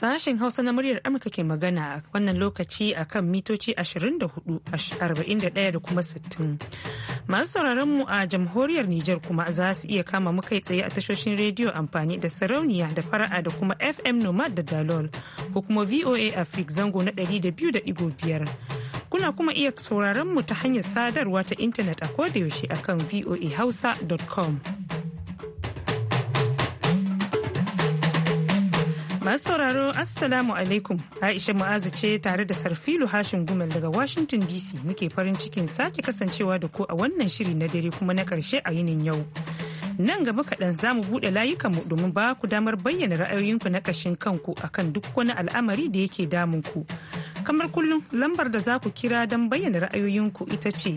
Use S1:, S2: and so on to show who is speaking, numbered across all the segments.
S1: Sashen Hausa na muryar Amurka ke magana a wannan lokaci a kan mitoci 24,41 da kuma 60. Masu sauraron mu a jamhuriyar Nijar kuma za su iya kama mu kai tsaye a tashoshin rediyo amfani da sarauniya da fara'a da kuma FM Nomad da Dalol ko kuma VOA Africa zango na 200.5. Kuna kuma iya sauraron mu ta hanyar sadarwa ta intanet a kodayaushe kan voahausa.com. Masu sauraro Assalamu alaikum Aisha Mu'azu ce tare da Sarfilu Hashin Gumel daga Washington DC muke farin cikin sake kasancewa da ku a wannan shiri na dare kuma na karshe a yinin yau. Nan gaba kaɗan za mu buɗe layukanmu domin ba ku damar bayyana ra'ayoyinku na ƙashin kanku akan duk wani al'amari da yake damun ku. Kamar kullum lambar da za ku kira don bayyana ra'ayoyinku ita ce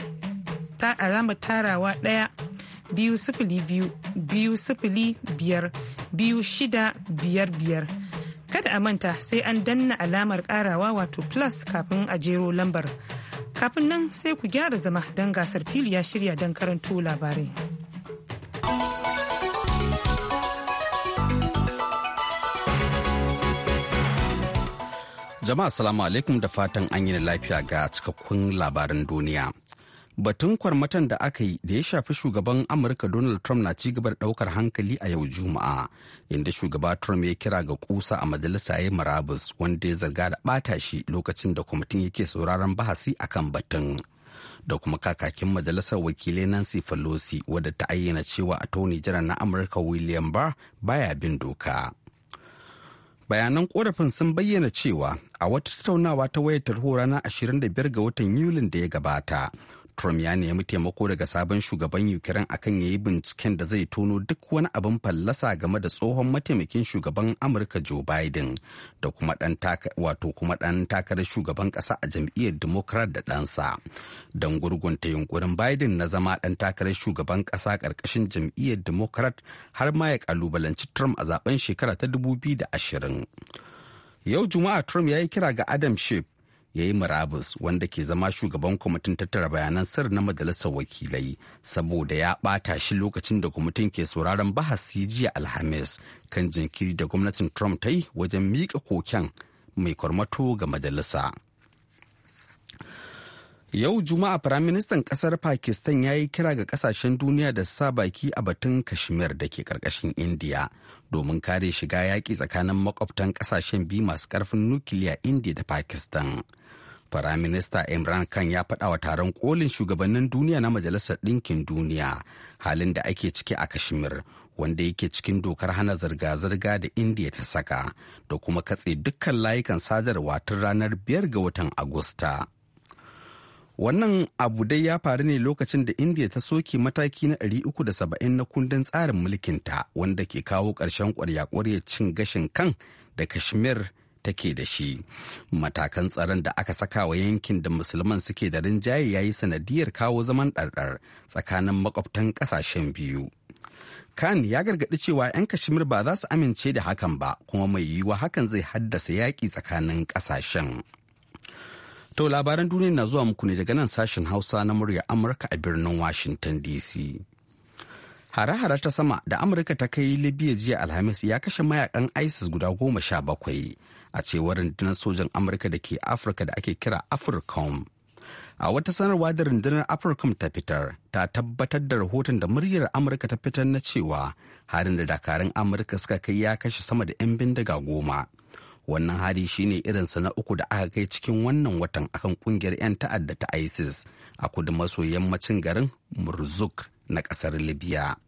S1: ta alamar tarawa ɗaya biyu sifili biyu biyu sifili biyar biyu shida biyar biyar kada a manta sai an danna alamar karawa wato plus kafin a jero lambar kafin nan sai ku gyara zama don gasar fili ya shirya don karanto labarai
S2: jama'a salamu alaikum da fatan an yi lafiya ga cikakkun labaran duniya batun kwarmatan da aka yi da ya shafi shugaban amurka donald trump na ci da daukar hankali a yau juma'a inda shugaba trump ya kira ga kusa a majalisa ya marabus wanda ya zarga da bata shi lokacin da kwamitin yake sauraron bahasi akan batun da kuma kakakin majalisar wakilai nancy pelosi wadda ta ayyana cewa attorney jiran na amurka william barr baya bin doka bayanan korafin sun bayyana cewa a wata tattaunawa ta wayar tarho ranar 25 ga watan yulin da ya gabata Trump ya nemi taimako daga sabon shugaban Ukraine akan yayi binciken da zai tono duk wani abin fallasa game da tsohon mataimakin shugaban Amurka Joe Biden da kuma dan wato kuma ɗan takarar shugaban ƙasa a jam'iyyar Democrat da ɗansa. Don gurgunta yunkurin Biden na zama ɗan takarar shugaban ƙasa ƙarƙashin jam'iyyar Democrat har ma ya kalubalanci Trump a zaben shekara ta 2020. Yau Juma'a Trump ya yi kira ga Adam Schiff ya yi murabus wanda ke zama shugaban kwamitin tattara bayanan sir na majalisar wakilai saboda ya bata shi lokacin da kwamitin ke sauraron bahasi jiya alhamis kan jinkiri da gwamnatin trump ta yi wajen miƙa koken mai kwarmato ga majalisa. Yau Juma'a Firaministan ƙasar Pakistan ya yi kira ga ƙasashen duniya da sa baki a batun Kashmir da ke ƙarƙashin Indiya domin kare shiga yaƙi tsakanin makwabtan ƙasashen biyu masu ƙarfin nukiliya Indiya da Pakistan. Firaminista Imran Khan ya faɗa wa taron kolin shugabannin duniya na Majalisar Ɗinkin Duniya halin da ake ciki a Kashmir wanda yake cikin dokar hana zirga-zirga da Indiya ta saka da kuma katse dukkan layukan sadarwa tun ranar 5 ga watan Agusta. Wannan abu dai ya faru ne lokacin da India ta soke mataki na 370 na kundin tsarin mulkinta wanda ke kawo ƙarshen ƙwarya-ƙwarya cin gashin kan da Kashmir take da shi. Matakan tsaron da aka saka wa yankin da musulman suke da rinjaye ya yi sanadiyar kawo zaman ɗarɗar tsakanin makwabtan ƙasashen biyu. Khan ya gargaɗi cewa 'yan Kashmir ba za su amince da hakan ba kuma mai yiwuwa hakan zai haddasa yaƙi tsakanin ƙasashen. To labaran duniya na zuwa muku ne daga nan sashen Hausa na murya Amurka a birnin Washington DC. Hare-hare ta sama da Amurka ta kai Libya jiya Alhamis ya kashe mayakan ISIS guda goma sha bakwai a cewar rundunar sojan Amurka da ke Afirka da ake kira AFRICOM. A wata sanarwa da rundunar AFRICOM ta fitar ta tabbatar da rahoton da muryar Amurka ta fitar na cewa harin da dakarun Amurka suka kai ya kashe sama da 'yan bindiga goma. wannan hari shine irin sa na uku da aka kai cikin wannan watan akan kungiyar 'yan ta'adda ta isis a kudu maso yammacin garin murzuk na kasar libya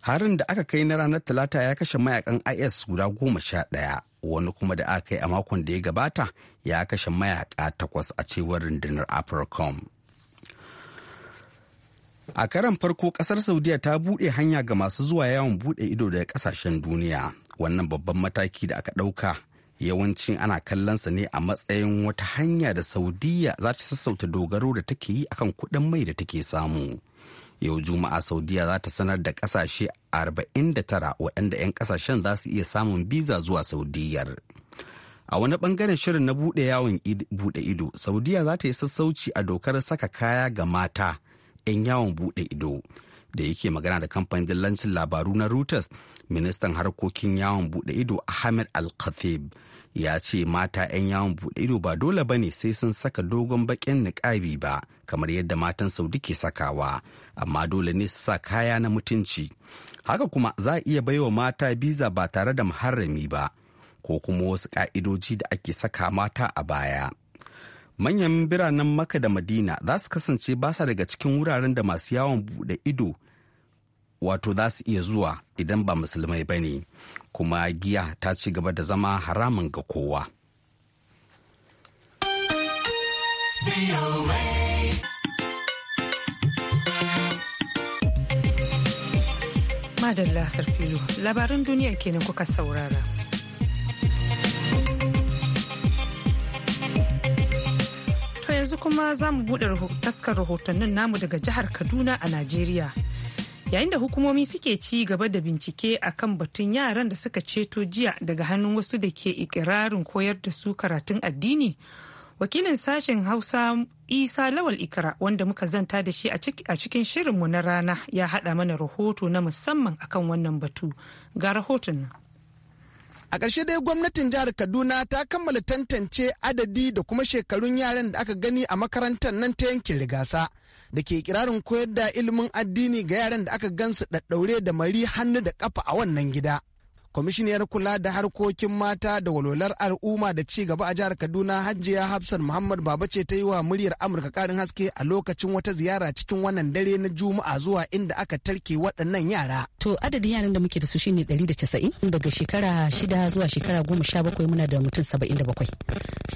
S2: harin da aka kai na ranar talata ya kashe mayakan is guda goma sha ɗaya wani kuma da aka kai a makon da ya gabata ya kashe mayaka takwas a cewar rundunar africom a karan farko kasar saudiya ta buɗe hanya ga masu zuwa yawon buɗe ido daga ƙasashen duniya wannan babban mataki da aka ɗauka yawanci ana kallonsa ne a matsayin wata hanya da saudiya za ta sassauta dogaro da take yi akan kuɗin mai da take samu yau juma'a saudiya za ta sanar da ƙasashe 49 waɗanda 'yan ƙasashen za su iya samun biza zuwa saudiyar a wani ɓangaren shirin na buɗe yawon buɗe ido saudiya za ta yi sassauci a dokar saka kaya ga mata 'yan yawon buɗe ido da yake magana da kamfanin dillancin labaru na Reuters, ministan harkokin yawon buɗe ido Ahmed Al-Khatib ya ce mata 'yan yawon buɗe ido ba dole ba ne sai sun saka dogon baƙin niƙabi ba kamar yadda matan Saudi ke sakawa, amma dole ne su sa kaya na mutunci. Haka kuma za a iya baiwa mata biza ba tare da muharrami ba, ko kuma wasu ƙa'idoji da ake saka mata a baya. manyan biranen maka da madina za su kasance basa daga cikin wuraren da masu yawon bude ido wato za su iya zuwa idan ba musulmai ba ne kuma giya ta ci gaba da zama haramun ga kowa.
S1: Madalla sarfilo labaran duniya kenan kuka saurara. To yanzu kuma za mu buɗe taskar rahotannin namu daga jihar Kaduna a Najeriya. yayin da hukumomi suke ci gaba da bincike akan batun yaran da suka ceto jiya daga hannun wasu da ke ikirarin koyar da su karatun addini wakilin sashen hausa isa lawal ikra wanda muka zanta da shi a cikin shirinmu na rana ya haɗa mana rahoto na musamman akan wannan batu ga rahoton
S3: nan a ƙarshe dai gwamnatin jihar kaduna ta kammala tantance adadi da kuma shekarun yaran da aka gani a makarantar nan ta yankin rigasa da ke kirarin koyar da ilimin addini ga yaran da aka gansu ɗaɗɗaure da mari hannu da ƙafa a wannan gida. kwamishiniyar kula da harkokin mata da walwalar al'umma da ci gaba a jihar kaduna hajiya hafsan muhammad baba ce ta yi wa muryar amurka karin haske a lokacin wata ziyara cikin wannan dare na juma'a zuwa inda aka tarke waɗannan yara
S4: to adadin yaran da muke da su shine 190 daga shekara shida zuwa shekara goma sha bakwai muna da mutum saba'in da bakwai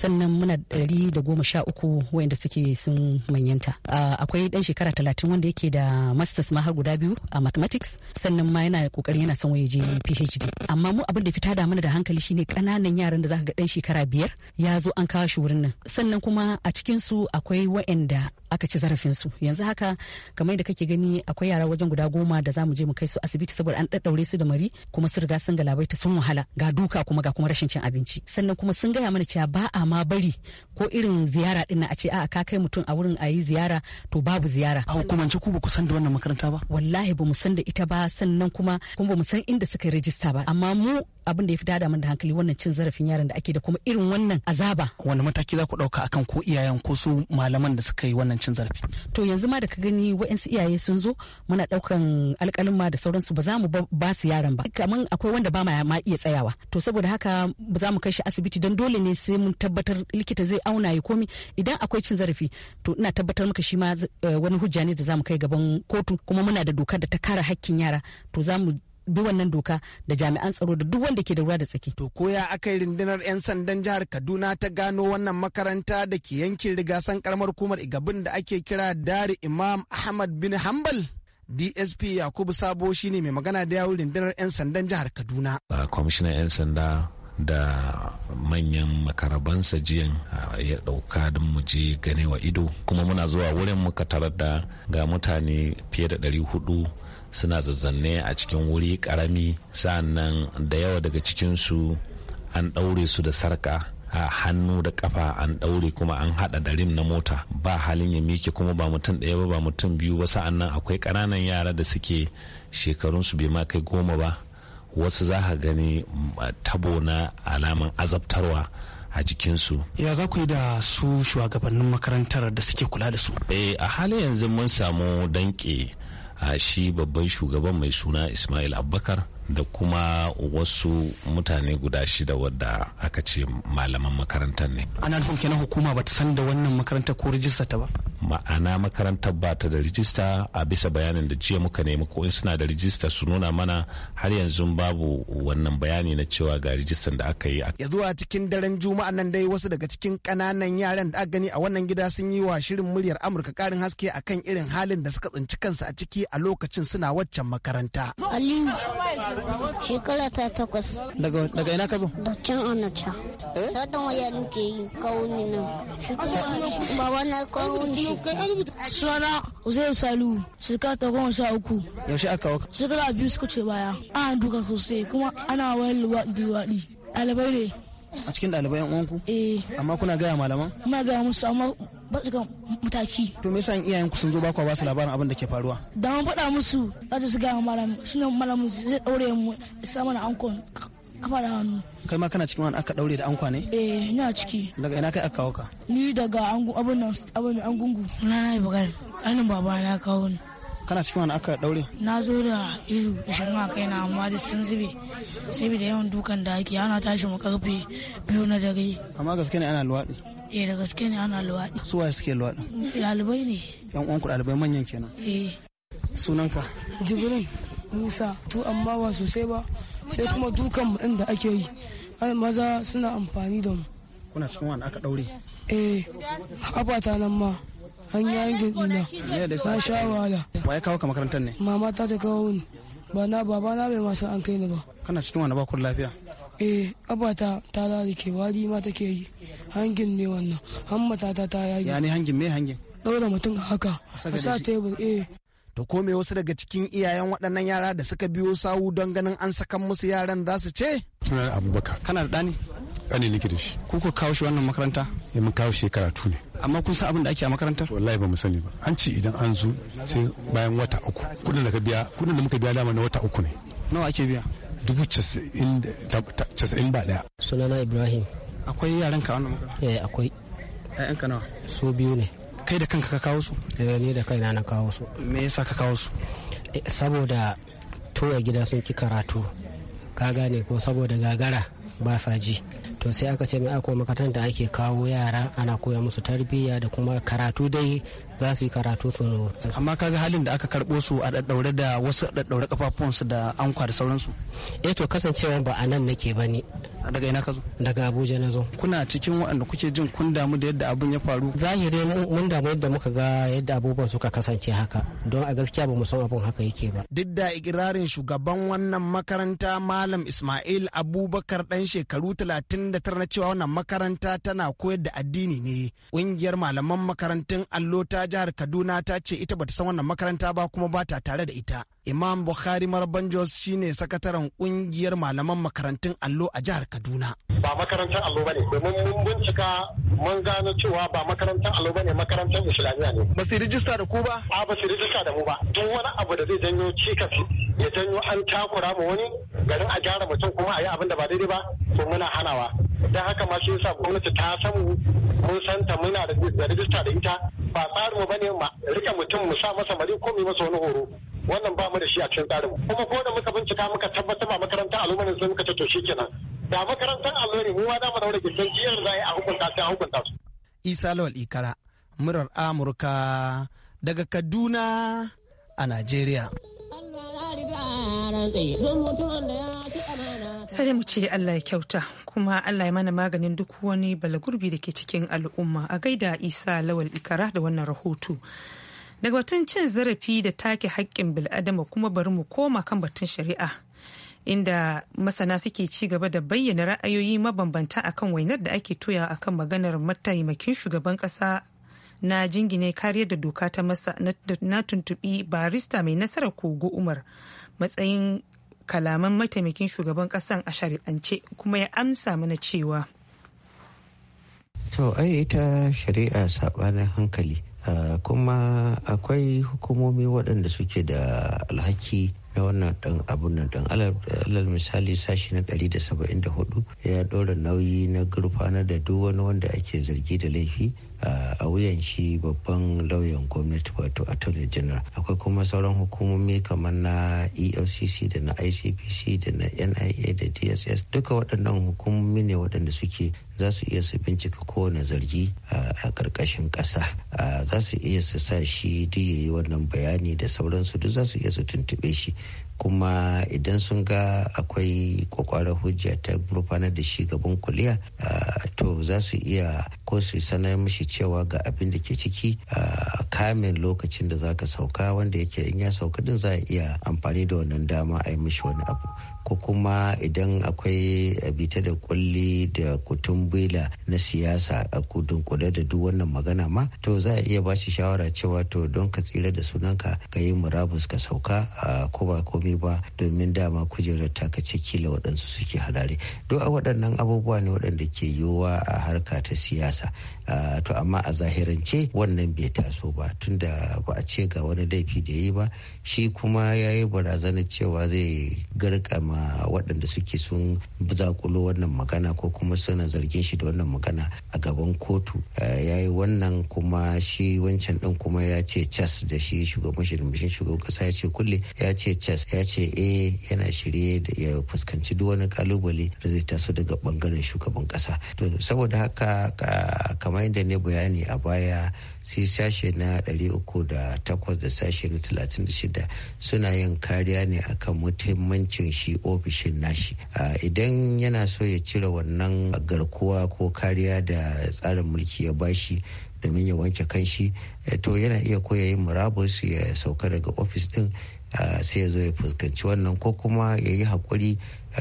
S4: sannan muna ɗari da goma sha uku wayanda suke sun manyanta akwai ɗan shekara talatin wanda yake da masters ma har guda biyu a mathematics sannan ma yana kokarin yana son waje phd amma mu abin da fita da mana da hankali shine kananan yaran da zaka ga dan shekara biyar ya zo an kawo shi wurin nan sannan kuma a cikin su akwai waɗanda aka ci zarafinsu yanzu haka kamar da kake gani akwai yara wajen guda goma da za mu je mu kai su asibiti saboda an daddaure su da mari kuma sun riga sun ta sun wahala ga duka kuma ga kuma rashin cin abinci sannan kuma sun gaya mana cewa ba a ma bari ko irin ziyara dinnan a ce a ka kai mutum a wurin a yi ziyara to babu ziyara a hukumance ku ba san da wannan makaranta ba wallahi ba mu san da ita ba sannan kuma kuma ba san inda suka rijista rajista ba amma mu abin da ya fita dada min da hankali wannan cin zarafin yaran da ake da kuma irin wannan azaba wani mataki
S3: za ku dauka akan ko iyayen ko su malaman da suka yi wannan cin zarafi
S4: to yanzu ma da ka gani wa'ansu iyaye sun zo muna daukan alƙalin da sauransu ba za mu ba su yaran ba kamar akwai wanda ba ma iya tsayawa to saboda haka ba za mu kai shi asibiti don dole ne sai mun tabbatar likita zai auna ya komi idan akwai cin zarafi to ina tabbatar maka shi ma eh, wani hujja ne da za mu kai gaban kotu kuma muna da dokar da ta kare hakkin yara to za mu duk wannan doka da jami'an tsaro da duk wanda ke da ruwa da tsaki. To
S3: koya aka yi rundunar 'yan sandan jihar Kaduna ta gano wannan makaranta da ke yankin rigasan karamar hukumar Igabin da ake kira Dari Imam Ahmad bin Hambal. DSP Yakubu Sabo shine mai magana da yawun rundunar 'yan sandan jihar Kaduna.
S5: Kwamishinan 'yan sanda da manyan makarabansa jiyan ya ɗauka don mu je gane wa ido kuma muna zuwa wurin muka tarar da ga mutane fiye da 400 suna zazzanne a cikin wuri karami sa'annan da yawa daga cikinsu an ɗaure su da sarka a hannu da kafa an ɗaure kuma an haɗa da rim na mota ba halin ya miki kuma ba mutum ɗaya ba ba mutum biyu ba sa'annan akwai ƙananan yara da suke shekarunsu bai ma kai goma ba wasu za ka gani mm, tabo na alaman azabtarwa a jikinsu. Ya za ku yi
S3: da su shugabannin makarantar da suke kula da su?
S5: Eh a halin yanzu mun samu danke a shi babban shugaban mai suna Ismail Abubakar da kuma wasu mutane guda shida wadda aka ce malaman makarantar ne
S6: ana nufin
S3: kenan hukuma bata san da wannan makarantar ko rijista ta ba
S5: ma'ana makarantar ba ta da rijista a bisa bayanin da jiya muka nemi ko in suna da rijista su nuna mana har yanzu babu wannan bayani na cewa ga rijistar da aka yi ya
S3: zuwa cikin daren juma'a nan dai wasu daga cikin kananan yaran da aka gani a wannan gida sun yi wa shirin muryar amurka karin haske akan irin halin da suka tsinci kansu a ciki a lokacin suna waccan makaranta
S7: Shekara ta takwas.
S3: Daga ina ka zo? Da can onacha.
S7: Eh? Sadan waya nuke yi kawuni nan. Baba na shi. Suna
S4: Uzair Salu, shekara ta goma sha uku. Yaushe aka waka? Shekara biyu suka ce baya. Ana duka sosai kuma ana wayar luwaɗi-luwaɗi. Ɗalibai ne.
S3: a cikin ɗalibai yan uwanku eh amma kuna gaya malaman
S4: ina gaya musu amma ba su mataki to me yasa iyayen
S3: ku sun zo ba ku ba su labarin abin da ke faruwa
S4: da mun faɗa musu za su gaya malam shine malamin zai daure mu isa mana ankon kafa da hannu.
S3: Kai ma kana cikin wani aka daure da ankwa ne?
S4: Eh, ina ciki.
S3: Daga ina kai aka kawo ka?
S4: Ni daga abin nan abin angungu. Na na yi bagal. Anan baba na kawo ni.
S3: kana cikin wani aka daure
S4: na zo da izu ishirin a kaina amma da sun zube Sai da yawan dukan da ake ana tashi mu karfe biyu na dare
S3: amma gaske ne ana luwaɗi
S4: eh da gaske ne ana luwaɗi
S3: su waye suke luwaɗi
S4: ɗalibai ne
S3: yan uwan ku ɗalibai manyan kenan eh sunanka
S4: jibrin musa to amma ba sosai ba sai kuma
S3: dukan mu inda ake yi maza suna amfani da mu kuna cikin wani aka daure
S7: eh abata nan ma an yi an ɗina na sha wahala
S3: wa ya kawo ka makarantar ne
S7: mama ta ta kawo ni ba na ba na bai masu an kai ni ba
S3: kana cikin wani bakon lafiya
S4: eh abata ta lalike wari ma take yi hangin ne wannan hammata matata ta yage ya ne
S3: hangin me hangin
S4: ɗaura mutum haka a sa tebur eh
S3: to ko me wasu daga cikin iyayen waɗannan yara da suka biyo sawu don ganin an sakan musu yaran za su ce? Tunar Abubakar. Kana da ɗani? kane nake da shi ko ko kawo shi wannan makaranta ya eh, mun kawo shi karatu ne amma kun san abin da ake a makarantar wallahi ba mu sani ba an ce idan an zo sai bayan wata uku kudin da ka biya kudin da muka biya dama na wata uku ne nawa ake biya dubu casa'in ba daya sunana ibrahim akwai yaran ka wannan makaranta eh akwai ka nawa su biyu ne kai da kanka ka kawo su eh ni da kaina na kawo su me yasa ka kawo su eh, saboda toya gida sun ki karatu ka gane ko saboda gagara ba sa ji to sai aka ce mai akwai makarantar da ake kawo yara ana koya musu tarbiyya da kuma karatu dai za su yi karatu su amma kaga halin da aka karɓo su a daddaure da wasu daddaure kafafuwansu da an da sauransu eh to kasancewa ba a nan nake ba ne daga ina ka zo daga abuja na zo kuna cikin waɗanda kuke jin kun damu da yadda abun ya faru zahiri mun damu yadda muka ga yadda abubuwan suka kasance haka don a gaskiya ba mu san abun haka yake ba duk da ikirarin shugaban wannan makaranta malam ismail abubakar dan shekaru 39 na cewa wannan makaranta tana koyar da addini ne ƙungiyar malaman makarantun allo ta jihar kaduna ta ce ita bata san wannan makaranta ba kuma ba ta tare da ita imam bukhari marban jos shine sakataren ƙungiyar malaman makarantun allo a jihar kaduna
S8: Kaduna. Ba makarantar allo ba ne. domin mun bincika mun
S6: gano cewa ba makarantar allo ba ne makarantar Islamiyya ne. Ba su rijista da ku ba? A ba su rijista da mu ba. Duk wani abu da zai janyo cikas ya janyo an takura mu wani garin a gyara mutum kuma a yi abin da ba daidai ba to muna hanawa. Don haka ma shi yasa gwamnati ta san mu mun san ta muna da rijista da ita ba tsarinmu ba ne ma rika mutum mu sa masa mari ko mu masa wani horo wannan ba mu da shi a cikin tsarin kuma ko da muka bincika muka tabbatar ba makarantar alumanin sun muka ce to kenan da makarantar ne kowa da mu daure gindin jiyar za a hukunta sai a hukunta su
S3: isa lawal ikara murar amurka daga kaduna a najeriya
S1: sai mu ce Allah ya kyauta kuma Allah ya mana maganin duk wani balagurbi da ke cikin al'umma a gaida isa lawal ikara da wannan rahoto daga batun cin zarafi da take haƙƙin bil'adama kuma bari mu koma kan batun shari'a inda masana suke ci gaba da bayyana ra'ayoyi mabambanta akan wainar da ake toya akan maganar mataimakin shugaban kasa na jingine kariyar da doka ta masa na tuntubi barista mai nasarar kogo umar matsayin kalaman mataimakin shugaban kasan a shari'ance kuma ya amsa mana cewa
S7: to ai ita shari'a sabanin hankali kuma akwai hukumomi waɗanda suke da alhaki na wannan ɗan abun nan ɗan alal misali sashi na 174 ya ɗora nauyi na gurfanar da duk wani wanda ake zargi da laifi a wuyan shi babban lauyan gwamnati wato attorney general akwai kuma sauran hukumomi kamar na elcc da na icpc da na nia da dss duka waɗannan hukumomi ne waɗanda suke za su iya su bincika kowane zargi a ƙarƙashin ƙasa za su iya su sa shi duk yayi wannan bayani da sauransu duk za su iya su tuntuɓe shi kuma idan sun ga akwai kwakwarar hujja ta gurfanar da shi gaban kuliya to za su iya ko su sanar mishi cewa ga abin da ke ciki kamin lokacin da za ka sauka wanda yake in ya sauka din za a iya amfani da wannan dama a yi mishi wani abu ko kuma idan akwai abita eh, da kulli da kutumbila na siyasa a kudin kuda da duk wannan magana ma to za a iya bashi shawara cewa to don ka tsira da sunanka ka yi murabus ka sauka a ko ba komai ba domin dama kujerar ta ka la waɗansu suke hadari duk a waɗannan abubuwa ne waɗanda ke yiwuwa a harka ta siyasa to amma a zahirance wannan bai taso ba tunda ba a ce ga wani laifi da yi ba shi kuma ya yi barazanar cewa zai garkama waɗanda suke sun zakulo wannan magana ko kuma suna zargin shi da wannan magana a gaban kotu ya yi wannan kuma shi wancan ɗin kuma ya ce cas da shi shugaban shirin shugaban ƙasa ya ce kulle ya ce cas ya ce eh yana shirye da ya fuskanci duk wani kalubale da zai taso daga bangaren shugaban ƙasa to saboda haka kamar kamar da ne bayani a baya sai sashe na 308 da da sashe na 36 suna yin kariya ne akan muhimmancin shi ofishin nashi idan yana so ya cire wannan garkuwa ko kariya da tsarin mulki ya bashi domin ya wanke kanshi eh, to yana iya koya yin murabus ya sauka daga ofis din sai ya zo ya fuskanci wannan ko kuma ya yi haƙuri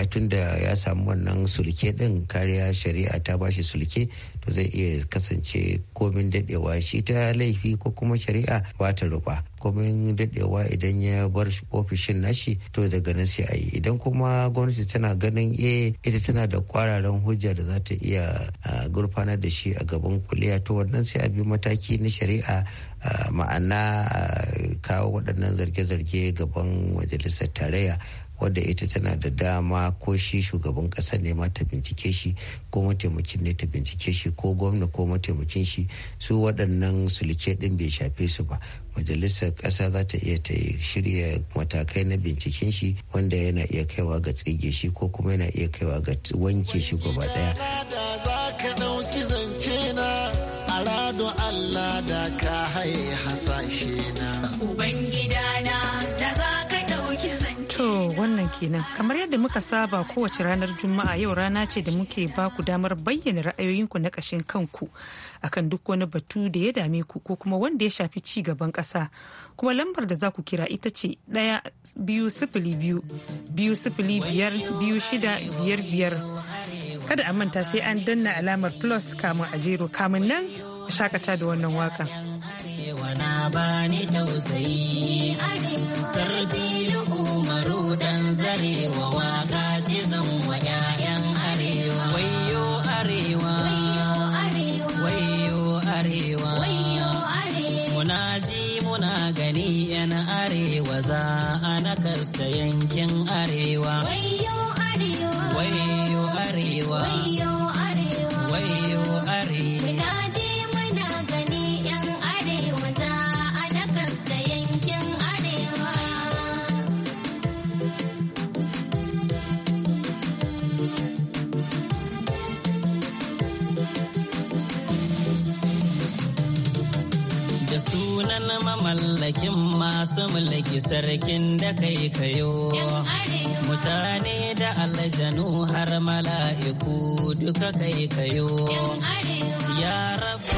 S7: tun da ya samu wannan sulke din kariya shari'a ta bashi sulke zai iya kasance komin dadewa shi ta laifi ko kuma shari'a ba ta rufa komin dadewa idan ya bar ofishin nashi to daga nan sai a idan kuma gwamnati tana ganin e ita tana da kwararan hujja da za ta iya gurfanar da shi a gaban kuliya to wannan sai a bi mataki na shari'a ma'ana kawo waɗannan zarge-zarge gaban majalisar tarayya wadda ita tana da dama ko shi shugaban kasa ne ma ta bincike shi ko mataimakin ne ta bincike shi ko gwamna ko mataimakin shi su waɗannan sulke ɗin bai shafe su ba majalisar ƙasa za ta iya ta shirya matakai na binciken shi wanda yana iya kaiwa ga tsige shi ko kuma yana iya kaiwa ga wanke shi gaba ɗaya.
S1: kenan kamar yadda muka saba kowace ranar juma'a yau rana ce da muke ba ku damar bayyana ra'ayoyinku na ƙashin kanku akan duk wani batu da ya dame ku ko kuma wanda ya shafi ci gaban ƙasa kuma lambar da za ku kira ita ce ɗaya biyu sifili biyu biyu sifili biyar biyu shida biyar biyar kada a manta sai an danna alamar plus kamun a jero kamun nan a shakata da wannan waka.
S4: Wana bani tausayi, dan zarewa waka ce zan
S3: wa ƴaƴan arewa wayo arewa wayo arewa arewa, muna ji muna gani 'yan arewa za a nakasta yankin arewa
S1: wayo arewa
S3: wayo arewa Hassan mamallakin masu mulki sarkin da kai kayo. Mutane da aljanu
S7: har mala'iku duka kai kayo.
S4: Ya rabu.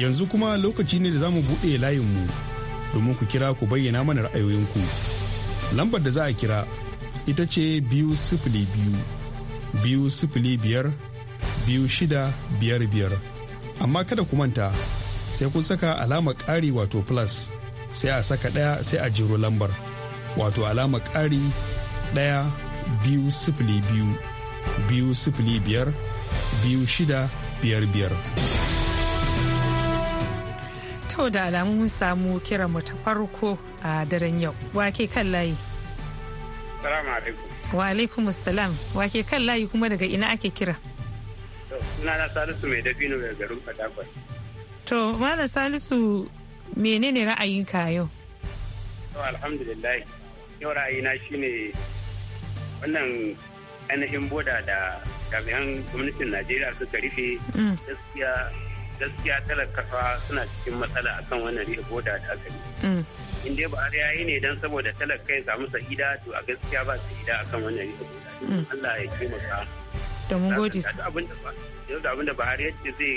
S3: Yanzu kuma lokaci ne da za mu buɗe layinmu domin ku kira ku bayyana mana ra'ayoyinku. Lambar da za a kira ita ce biyu sifili biyu, biyu sifili biyar shida 2655 amma kada ku manta sai kun saka alama ƙari wato plus sai a saka ɗaya sai a jiro lambar wato alama ƙari ɗaya biyu sifili biyu biyu sifili biyar biyu shida biyar biyar.
S1: To da alamu mun samu kiran mu ta farko a daren yau wake kan layi.
S8: Salamu alaikum.
S1: Wa alaikum salam wake kan layi kuma daga ina ake kira?
S8: Suna Salisu mai dabino daga garin Fatakwal.
S1: To, Malam Salisu menene ra'ayinka yau?
S8: To, alhamdulillah. Yau ra'ayina ne wannan ainihin boda da jami'an gwamnatin Najeriya suka rufe mm. gaskiya gaskiya talakawa suna cikin matsala akan wannan rufe boda da aka mm. In dai ba har yayi ne don saboda talakai samu sa'ida to a gaskiya ba sa'ida akan wannan rufe boda. Mm. Allah ya taimaka. da mun gode su yanzu abin da Buhari yace zai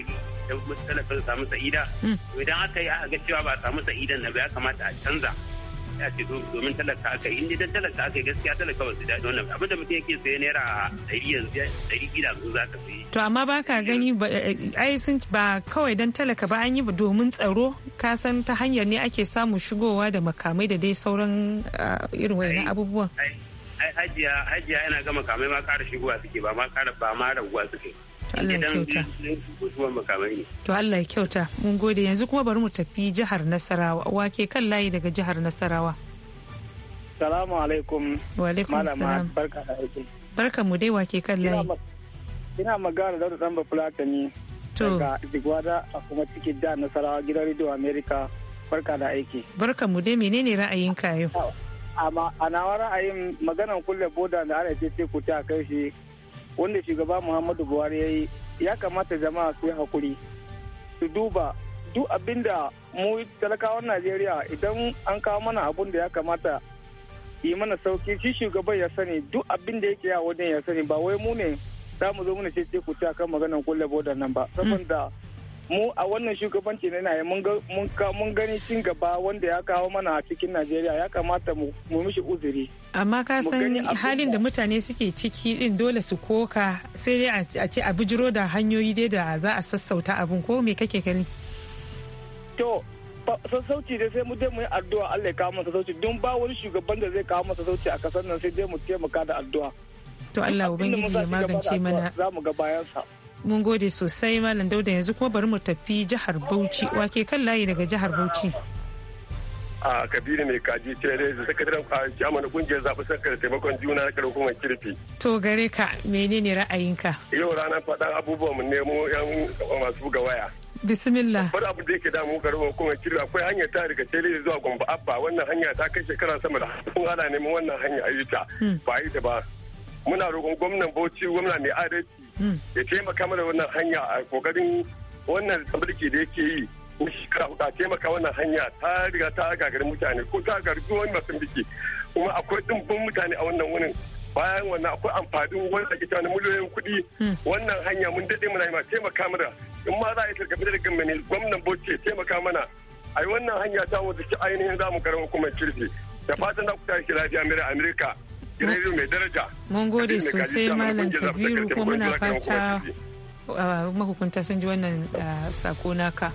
S8: dan talaka samu sa'ida hmm. idan aka yi aka ga cewa ba samu sa'idan na ba ya kamata a canza ya ce domin talaka aka yi inda talaka aka yi gaskiya talaka ba su daɗi wannan abin da mutum yake saye naira ɗari yanzu ɗari da su za ka
S1: sayi. to amma ba ka gani eh, eh, ai sun ba kawai don talaka ba an yi domin tsaro ka san ta hanyar ne ake samun shigowa da makamai da dai sauran ah, irin wayannan abubuwan.
S8: hajiya hajiya yana gama kamai ma ƙara shigowa suke ba ma ba ma raguwa suke
S1: to Allah ya kyauta Allah kyauta mun gode yanzu kuma bari mu tafi jihar Nasarawa wake kan layi daga jihar Nasarawa
S9: Salamu alaikum. Wa alaikum salam. Barka da aiki.
S1: Barka mu dai wake kan layi.
S9: Ina magana da Dauda Fulani. To. Daga Zigwada a kuma cikin da Nasarawa gidan Radio America. Barka da aiki. Barka mu dai menene ra'ayinka yau? a nawa ra'ayin maganan kulle boda da ana ce ku ta kai shi wanda shugaba muhammadu buhari ya yi ya kamata jama'a su yi hakuri su duba duk abinda mu talakawan najeriya idan an kawo mana abun da ya kamata yi mana sauki shi shugaban ya sani duk abin da yake ya wajen ya sani ba wai mu ne za mu zo mana ce ku ta kan maganan kulle boda nan ba mm. saboda mu a wannan shugabanci na yanayi mun gani cin gaba wanda ya kawo mana a cikin najeriya ya kamata mu mishi uzuri
S1: amma ka san halin da mutane suke ciki din dole su koka sai dai a ce a bijiro da hanyoyi dai da za a sassauta abin ko me kake gani
S9: to sassauci dai sai mu dai mu yi addu'a Allah ya kawo masa sassauci don ba wani shugaban da zai kawo masa sassauci a kasar nan sai dai mu taimaka da addu'a
S1: to Allah ubangiji ya magance mana
S9: za mu ga bayansa
S1: mun gode sosai malam dauda yanzu kuma bari mu tafi jihar bauchi wake kan layi daga jihar bauchi
S8: a kabiru mai kaji tere da sakataren jama na kungiyar zaɓi sakar taimakon juna na karfin kirfi.
S1: to gare ka menene
S8: ra'ayinka yau ranar faɗan abubuwan mu nemo yan masu buga waya
S1: bismillah
S8: wani abu da yake da mu garin hukumar kirfi akwai hanyar ta daga tere zuwa gombe abba wannan hanya ta kai shekara sama da sun ala neman wannan hanya a yi ta hmm. ba yi ta ba muna roƙon gwamnan bauchi gwamna mai adalci ya taimaka mana wannan hanya a kokarin wannan tsabirki da yake yi na shekara hudu a taimaka wannan hanya ta riga ta gagarin mutane ko ta gagarin wani masu biki kuma akwai dimbin mutane a wannan wurin bayan wannan akwai amfani wanda ke tana miliyoyin kuɗi wannan hanya mun daɗe muna yi ma taimaka mana in ma za a yi tarkafi da gamani gwamnan bauchi taimaka mana a yi wannan hanya ta wata ci ainihin zamu karama kuma kirki da fatan za ku tashi lafiya mera amerika mai daraja mun gode sosai malam kabiru ko muna fata
S1: uh, mahukunta sun ji wannan uh, sako naka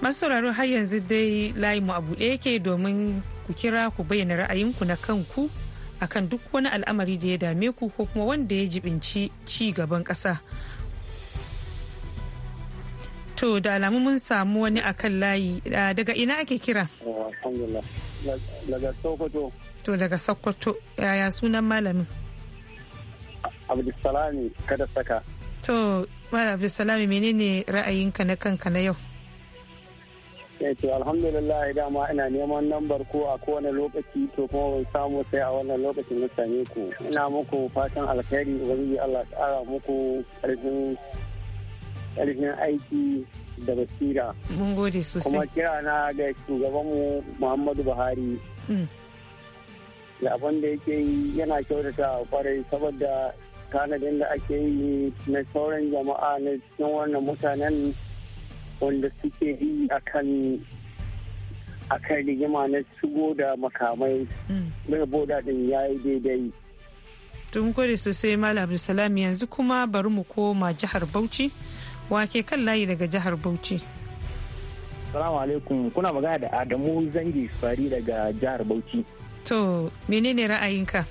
S1: masu sauraro har yanzu dai layi mu a buɗe yake domin ku kira ku bayyana ra'ayinku na kanku akan duk wani al'amari da ya dame ku ko kuma wanda ya jibinci ci gaban ƙasa To da alamu mun samu wani akan layi daga ina ake kira?
S8: Daga Sokoto.
S1: To daga Sokoto yaya sunan malamin?
S6: Abdulsalami
S8: kada saka.
S1: To Malam Abdulsalami menene ra'ayinka na kanka na yau?
S8: Eh, to alhamdulillah dama ina neman lambar ko a kowane lokaci to kuma ban samu sai a wannan lokacin mutane ku. Ina muku fatan alkhairi wani Allah ya ƙara muku ƙarfin ƙarfin aiki da basira.
S1: Mun gode sosai. Kuma
S8: kira na da shugabanmu Muhammadu Buhari. Mm. Da abinda yake yi yana kyautata kwarai saboda tanadin da ake yi na sauran jama'a na cikin wannan mutanen wanda suke yi akan kan rigima na shigo da makamai mm. daga boda din ya yi daidai.
S1: Tun gode sosai Malam Abdulsalam yanzu kuma bari mu koma jihar Bauchi. wake kan layi daga jihar bauchi
S6: salamu alaikum kuna magana da adamu zangi fari daga jihar bauchi
S1: to menene ra'ayinka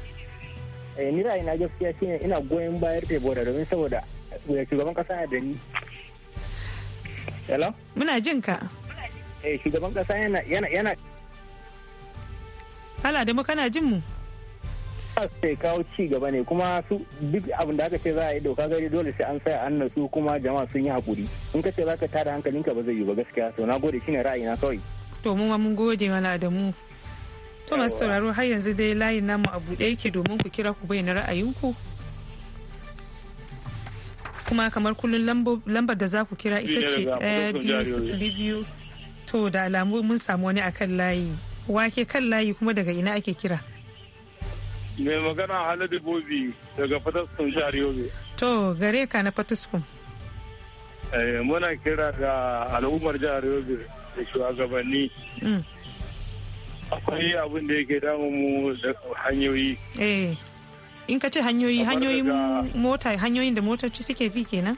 S6: eh ni ra'ayi na gaskiya shine ina goyon bayar da bora domin saboda eh, shugaban kasa da ni hello
S9: muna
S1: jin ka
S6: eh shugaban kasa yana yana yana
S9: hala da mu kana jin mu
S6: sa sai kawo ci gaba ne kuma su duk abin da aka ce za a yi doka gari dole sai an sai an su kuma jama'a sun yi hakuri in ka ce za ka tada ka ba zai yi ba gaskiya to na gode shine na kawai.
S1: to mu ma mun gode mana da mu to masu sauraro har yanzu dai layin namu a buɗe yake domin ku kira ku bayyana ra'ayinku kuma kamar kullum lambar da za ku kira ita ce ɗaya biyu sifili biyu to da alamu mun samu wani akan layi wake kan layi kuma daga ina ake kira.
S9: Mai magana Haladu Bobi daga Fataskun jihar Yobe.
S1: To gare ka na Fataskun.
S9: Eh, muna kira ga al'ummar jihar Yobe da shugabanni. Mm. Akwai abin da yake damu mu da hanyoyi.
S1: Eh, in ka ce hanyoyi, hanyoyin mota, hanyoyin da motoci suke bi kenan?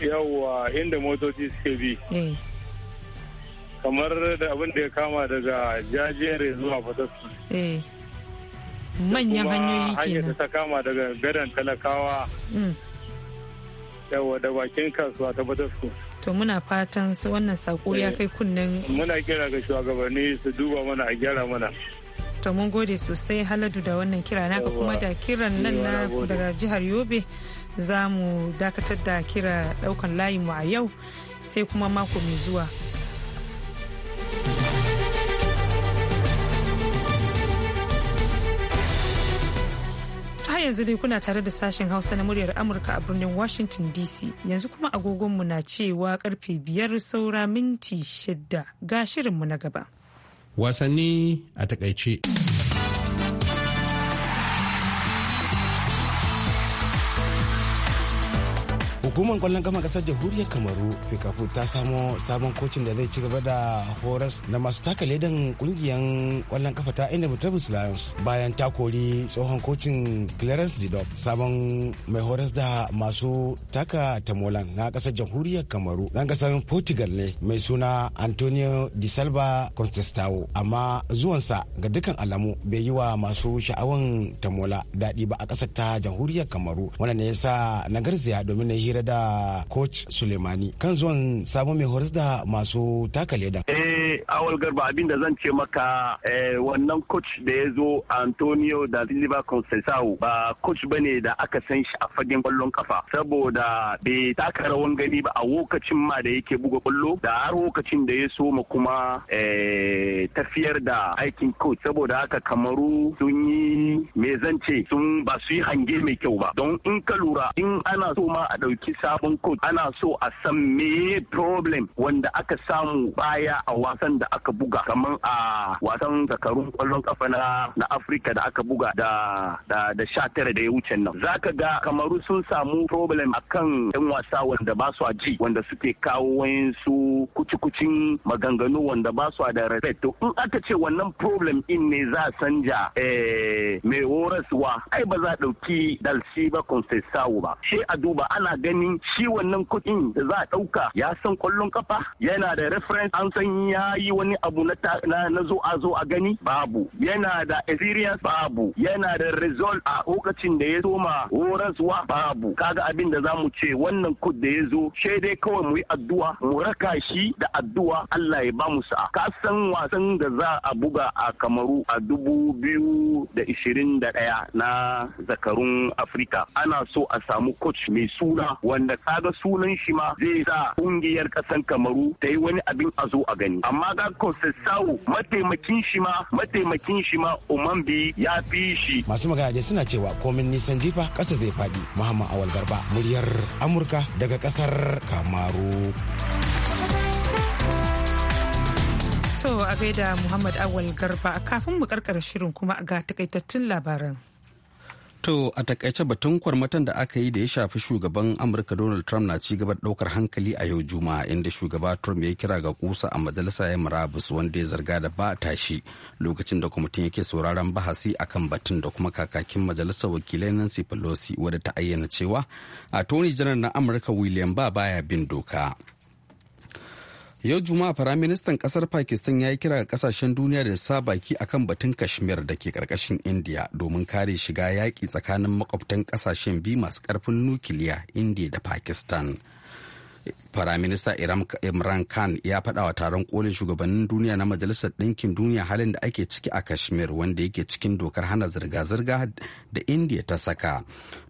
S9: Yawwa, inda motoci suke bi. Eh. Kamar da abin da ya kama daga jajere zuwa Fataskun.
S1: manyan hanyoyi kenan hanyar
S9: ta kama daga gadon talakawa mm. yawa da bakin kasuwa ta batasku
S1: to muna fatan wannan sako ya eh, kai kunnen muna
S9: kira ga shugabanni su duba mana a gyara mana
S1: to mun gode sosai haladu da wannan kira naka kuma da kiran nan na daga jihar yobe za mu dakatar da kira daukan layinmu a yau sai kuma mako mai zuwa yanzu dai kuna tare da sashen Hausa na muryar Amurka a birnin Washington DC. Yanzu kuma agogonmu na cewa karfe biyar saura minti shidda ga shirinmu na gaba.
S2: Wasanni a takaice.
S3: hukumar kwallon gama kasar jamhuriyar kamaru fikafu ta samo sabon kocin da zai ci gaba da horas na masu taka ledan kungiyar kwallon kafa ta indomitable lions bayan ta kori tsohon kocin clarence zidop sabon mai horas da masu taka tamolan na kasar jamhuriyar kamaru dan kasar portugal ne mai suna antonio di salva contestao amma zuwansa ga dukkan alamu bai yi wa masu sha'awan tamola daɗi ba a kasar ta jamhuriyar kamaru wannan ne yasa na garzaya domin na hira da coach Sulemani kan zuwan sabon mai horis da masu taka leda.
S6: Eh awal garba abin da zan ce maka eh, wannan coach da ya zo antonio da silva concesao ba coach ne da aka san shi a fagen kwallon kafa saboda bai taka rawan gani ba a lokacin ma da yake buga kwallo da har lokacin da ya soma kuma eh, tafiyar da aikin coach saboda haka kamaru sun yi me zan ce sun ba su yi hange mai kyau ba don in ka lura in ana so ma a ɗauki sabon coach ana so a san me problem wanda aka samu baya a wasan wasan da aka buga kamar a wasan zakarun kwallon kafa na na Afirka da aka buga da da da sha tara da ya wuce nan Za ka ga kamaru sun samu problem kan yan wasa wanda ba su a ji wanda suke kawo wayansu kucikucin maganganu wanda ba su da respect to in aka ce wannan problem in ne za a sanja eh mai horaswa ai ba za a dauki dalsi ba konsesawo ba shi a duba ana ganin shi wannan kuɗin da za a dauka ya san kwallon kafa yana da reference an san ya yi wani abu na na zo a zo a gani babu yana da experience babu yana da result a lokacin da ya soma horaswa babu kaga abin da zamu ce wannan kud da ya zo sai dai kawai mu yi addu'a mu raka shi da addu'a Allah ya ba mu sa'a ka san wasan da za a buga a Kamaru a dubu biyu da ishirin da ɗaya na zakarun Afirka ana so a samu coach mai suna wanda kaga sunan shi ma zai sa ƙungiyar ƙasan Kamaru ta yi wani abin a zo a gani amma Agako Sessau mataimakin shi ma mataimakin shi ma Umambi ya fi shi.
S3: Masu magana dai suna cewa komin nisan jifa ƙasa zai faɗi. Muhammad Awal Garba muryar Amurka daga ƙasar Kamaru.
S1: To a gaida Muhammad Awal Garba kafin mu karkara shirin kuma ga takaitattun labaran.
S2: To a takaice batun kwarmatan da aka yi da ya shafi shugaban Amurka Donald Trump na ci gaba daukar hankali a yau Juma'a inda shugaba Trump ya kira ga kusa a majalisa ya murabus wanda ya zarga da ba tashi lokacin da kwamitin yake sauraron bahasi akan batun da kuma kakakin majalisar wakilai Nancy Pelosi wadda ta ayyana cewa a Tony General na Amurka William ba baya bin doka. yau juma'a firaministan kasar pakistan ya yi kira ga kasashen duniya da sa baki akan batun kashmir da ke karkashin india domin kare shiga yaƙi tsakanin makwabtan kasashen biyu masu karfin nukiliya india da pakistan Firaminista Imran Khan ya faɗa wa taron kolin shugabannin duniya na Majalisar Ɗinkin Duniya halin da ake ciki a Kashmir wanda yake cikin dokar hana zirga-zirga da India ta saka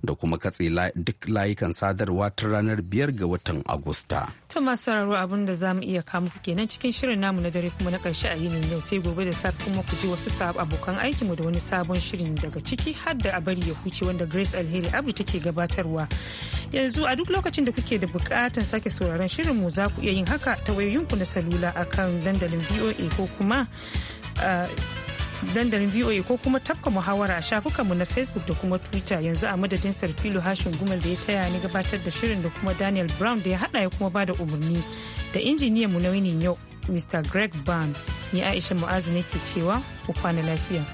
S2: da kuma katse duk layukan sadarwa ta ranar biyar ga watan Agusta.
S1: To masu sauraro abin da za mu iya kamu kenan cikin shirin namu na dare kuma na ƙarshe a yinin yau sai gobe da safe kuma ku ji wasu abokan mu da wani sabon shirin daga ciki har da a bari ya huce wanda Grace Alheri Abu take gabatarwa. Yanzu a duk lokacin da kuke da buƙatar sake sauraro sauraron shirinmu za ku iya yin haka ta wayoyinku na salula akan dandalin VOA ko kuma dandalin VOA ko kuma tafka muhawara a mu na Facebook da kuma Twitter yanzu a madadin Sarfilo Hashin Gumal da ya taya ni gabatar da shirin da kuma Daniel Brown da ya hada ya kuma bada umarni da injiniyan mu na yau Mr. Greg Ban ni Aisha Mu'azu ne ke cewa ku kwana lafiya.